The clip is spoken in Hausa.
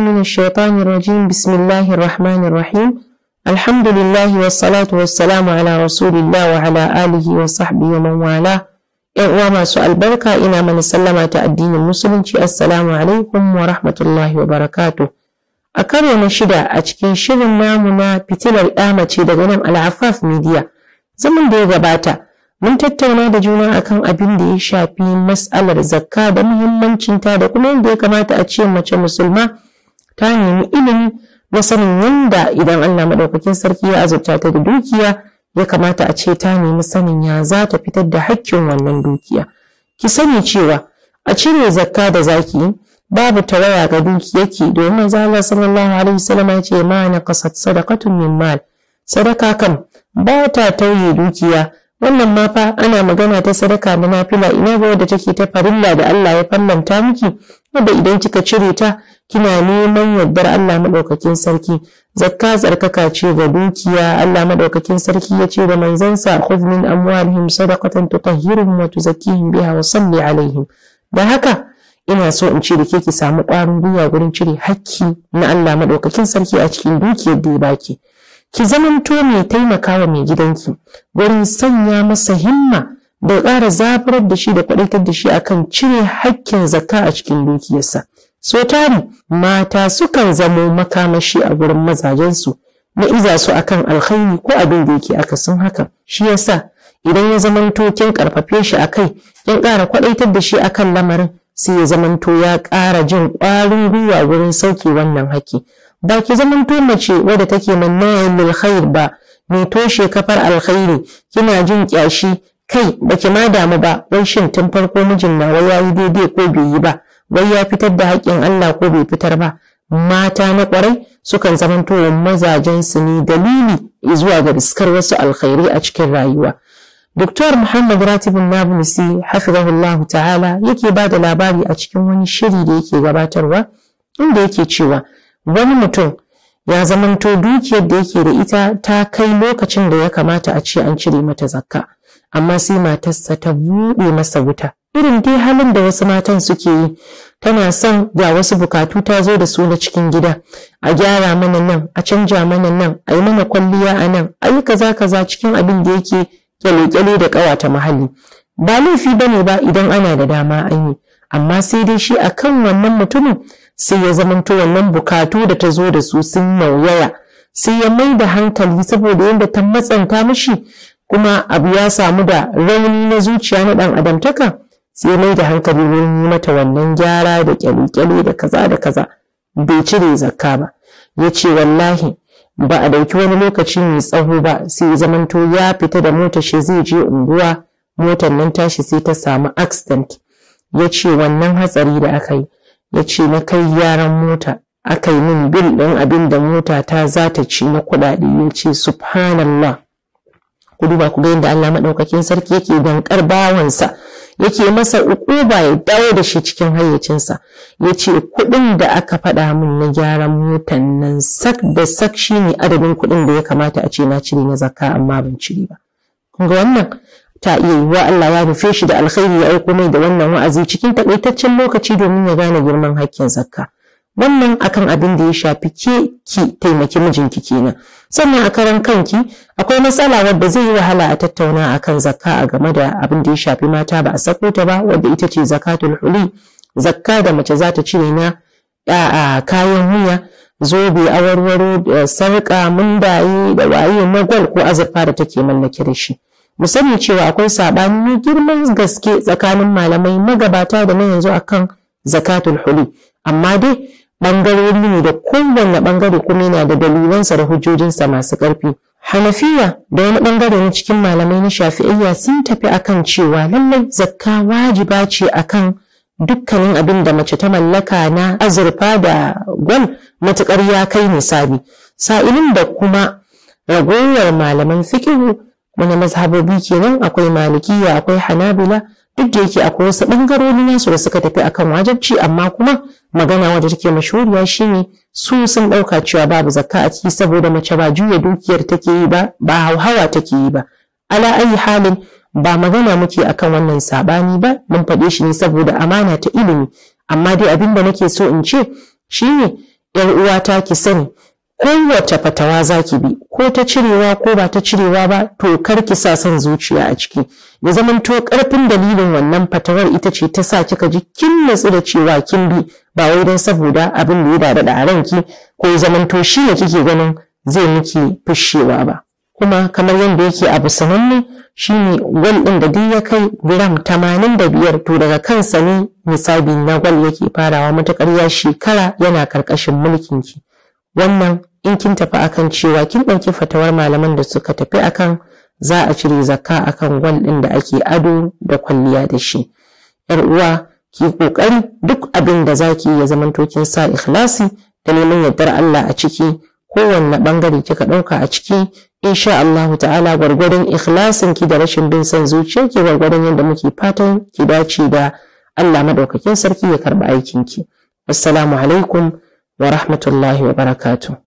من الشيطان الرجيم بسم الله الرحمن الرحيم الحمد لله والصلاة والسلام على رسول الله وعلى آله وصحبه ومن والاه ‘Yan uwa masu albarka ina mana sallama ta addinin musulunci assalamu alaikum wa rahmatullahi wa barakatu. A karo na shida a cikin shirin namu na fitilar ɗamace daga nan al'afaf media zaman da ya gabata mun tattauna da juna akan abin da ya shafi mas'alar zakka da muhimmancinta da kuma yadda ya kamata a ce mace musulma ta nemi ilimi na sanin yanda idan Allah madaukakin sarki ya azurta ta da dukiya ya kamata a ce ta nemi sanin ya za ta fitar da hakkin wannan dukiya ki sani cewa a cire zakka da zaki babu tawaya ga dukiyarki domin zalla sallallahu alaihi wasallam ya ce ma na kasat sadaqatun min mal sadaka kan ba ta tauye dukiya wannan ma fa ana magana ta sadaka na nafila ina ga wadda take ta farilla da Allah ya fallanta miki wadda idan kika cire ta kina neman yardar Allah maɗaukakin sarki zakka tsarkaka ce ga dukiya Allah maɗaukakin sarki ya ce da manzansa khudh min amwalihim sadaqatan tutahhiruhum wa tuzakkihim biha wa salli alaihim da haka ina so in ce da ke ki samu ƙwarin gwiwa gurin cire hakki na Allah maɗaukakin sarki a cikin dukiyar da ya baki ki zamanto mai taimakawa mai gidanki gurin sanya masa himma da ƙara zafarar da shi da kwaɗaitar da shi akan cire hakkin zakka a cikin dukiyarsa So tari mata sukan zamo makamashi a gurin mazajensu na iza su akan alkhairi ko abin da yake aka sun haka. Shi yasa idan ya zamanto kin karfafe shi kai, kin ƙara kwadaitar da shi akan lamarin sai ya zamanto ya ƙara jin ƙwarin gwiwa gurin sauke wannan haƙƙi. Ba ki zamanto mace wadda take mannayin lil khair ba mai toshe kafar alkhairi kina jin ƙyashi kai baki ma damu ba wai shin tun farko mijin nawa ya yi daidai ko bai yi ba wai ya fitar da haƙƙin Allah ko bai fitar ba mata na ƙwarai sukan zamanto mazajen su ne dalili zuwa ga riskar wasu alkhairi a cikin rayuwa. Dr. Muhammad Ratibin Nablusi hafizahullahu ta'ala yake ba da labari a cikin wani shiri da yake gabatarwa inda yake cewa wani mutum ya zamanto dukiyar da yake da ita ta kai lokacin da ya kamata a ce an cire mata zakka amma sai matarsa ta buɗe masa wuta irin dai halin da wasu matan suke yi tana son ga wasu bukatu ta zo da su na cikin gida a gyara mana nan a canja mana nan a yi mana kwalliya a nan a yi kaza kaza cikin abin da yake kyale-kyale da ƙawata muhalli ba laifi ba ne ba idan ana da dama an yi amma sai dai shi a kan wannan mutumin sai ya zamanto wannan bukatu da ta zo da su sun nauyaya sai ya mai da hankali saboda yadda ta matsanta mishi kuma abu ya samu da rauni na zuciya na ɗan adamtaka sai mai da hankali wurin yi mata wannan gyara da kyalikyali da kaza da kaza bai cire zakka ba ya ce wallahi ba a ɗauki wani lokaci mai tsawo ba sai zamanto ya fita da mota shi zai je unguwa motar nan tashi sai ta samu accident ya ce wannan hatsari da aka yi ya ce na kai yaran mota aka yi min bil ɗin abin da mota ta za ta ci na kuɗaɗe ya ce subhanallah ku duba ku ga yadda Allah maɗaukakin sarki yake dankar bawansa yake masa ukuba ya dawo da shi cikin hayyacinsa ya ce kuɗin da aka faɗa min na gyaran motan nan sak da sak shi ne adadin kuɗin da ya kamata a ce na cire na zakka amma ban cire ba ga wannan ta iya yiwuwa Allah ya rufe shi da alkhairi ya aiko mai da wannan wa'azi cikin takaitaccen lokaci domin ya gane girman hakkin zakka wannan akan abin da ya shafi ke ki taimaki mijinki kenan sannan a karan kanki akwai matsala wadda zai yi wahala a tattauna a kan zakka a game da abin da ya shafi mata ba a sako ta ba wadda ita ce zakatul huli zakka da mace za ta cire na kayan wuya zobe awarwaro sarƙa mundaye da waye na gwal ko azurfa da take mallake da shi musamman cewa akwai saɓani mai girman gaske tsakanin malamai magabata da na yanzu akan zakatul huli amma dai ɓangarori ne da kowanne ɓangare kuma yana da dalilansa da hujjojinsa masu ƙarfi. Hanafiya da wani ɓangare na cikin malamai na shafi'iyya sun tafi akan cewa lallai zakka wajiba ce akan dukkanin abin da mace ta mallaka na azurfa da gwal matuƙar ya kai misali. Sa'ilin da kuma ragowar malaman fikihu wani mazhabobi kenan akwai malikiya akwai hanabila duk da yake akwai wasu ɓangarorin nasu da suka tafi akan wajibci amma kuma magana wadda take mashuriya shine su sun ɗauka cewa babu zakka a ciki saboda mace ba juya dukiyar take yi ba ba hauhawa take yi ba ala ayi halin ba magana muke akan wannan sabani ba mun faɗe shi ne saboda amana ta ilimi amma dai abin da nake so in ce shine yar uwata ki sani kowace fatawa za ki bi ko ta cirewa ko ba ta cirewa ba to kar ki sa son zuciya a ciki ya zamanto karfin dalilin wannan fatawar ita ce ta sa kika ji kin natsu da cewa kin bi ba wai don saboda abin da ya dada da ranki ko ya zamanto shi ne kike ganin zai miki fushewa ba kuma kamar yadda yake abu sananne ne gwal ɗin da duk ya kai gram tamanin da biyar to daga kansa ne misali na gwal yake farawa matuƙar ya shekara yana karkashin ki. wannan in kin tafi akan cewa kin ɗauki fatawar malaman da suka tafi akan za a cire zakka akan gwal ɗin da ake ado da kwalliya da shi yar uwa ki ƙoƙari duk abin da zaki ya zamanto kin sa ikhlasi da neman yardar Allah a ciki kowanne bangare kika ɗauka a ciki insha Allahu ta'ala gwargwadon ikhlasin ki da rashin bin san zuciya ki gwargwadon yadda muke fatan ki dace da Allah madaukakin sarki ya karɓi aikin ki assalamu alaikum wa rahmatullahi wa barakatuh